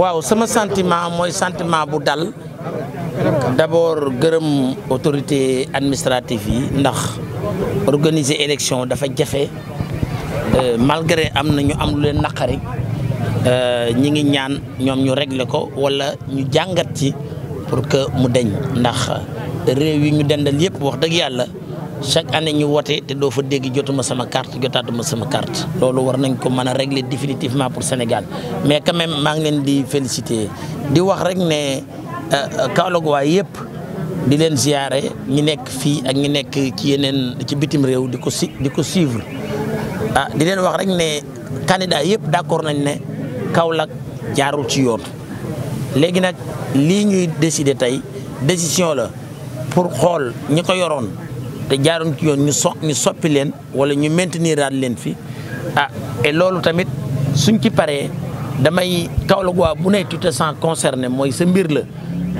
waaw sama sentiment mooy sentiment bu dal d'abord gërëm autorité administrative yi ndax organiser élection dafa jafe euh, malgré am na ñu am lu leen naqari euh, ñi ngi ñaan ñoom ñu régler ko wala ñu jàngat ci pour que mu deñ ndax réew yi ñu dendal yëpp wax dëgg yàlla chaque année ñu woote te doo fa dégg jotuma sama carte jotaatuma sama carte loolu war nañ ko mën a régler définitivement pour Sénégal mais quand même maa leen di féliciter di wax rek ne euh, euh, Kaolack yëpp di leen ziare ñi nekk fii ak ñi nekk ci yeneen ci bitim réew di ko si di ko suivre ah di leen wax rek ne candidat yëpp d'accord nañ ne Kaolack jaarul ci yoon léegi nag lii ñuy décider tey décision la pour xool ñi ko yoroon. te jaaruñ ci yoon ñu so ñu soppi leen wala ñu mainteniraat leen fi a ah, et loolu tamit suñ ci paree damay Kaolack waa bu ne tu te sens mooy sa mbir la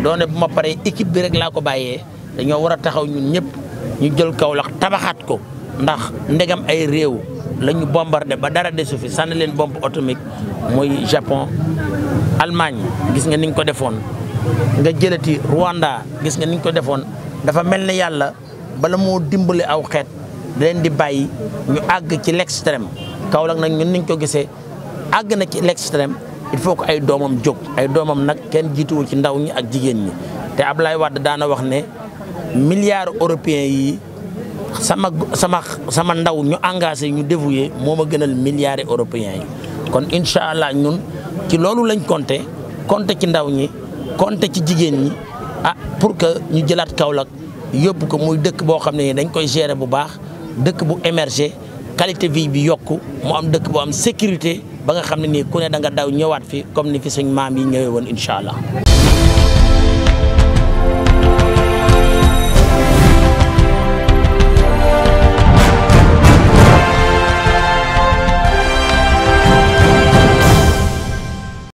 doone bu ma paree équipe bi rek laa ko bàyyee dañoo war a taxaw ñun ñëpp ñu jël Kaolack tabaxaat ko ndax ndegam ay réew la ñu bombardé ba dara desu fi sànni leen bombe atomique muy Japon Allemagne gis nga niñ ko defoon nga jëlati Rwanda gis nga niñ ko defoon dafa mel ne yàlla bala moo dimbale aw xeet da leen di bàyyi ñu àgg ci l'extrême Kaolack nag ñun niñ ko gisee àgg na ci l'extrême il faut que ay doomam jog ay doomam nag kenn jiituwul ci ndaw ñi ak jigéen ñi te ab Abdoulaye wax daana wax ne milliare européens yi sama sama sama ndaw ñu engagé ñu dévoué moo ma gënal milliare européens yi kon incha allah ñun ci loolu lañ compté compté ci ndaw ñi compté ci jigéen ñi ah pour que ñu jëlaat Kaolack yóbbu ko muy dëkk boo xam ne dañ koy gere bu baax dëkk bu émerger qualité vie bi yokk mu am dëkk bu am sécurité ba nga xam ne nii ku ne da nga daw ñëwaat fi comme ni fi suñ maam yi ñëwee woon incha allah.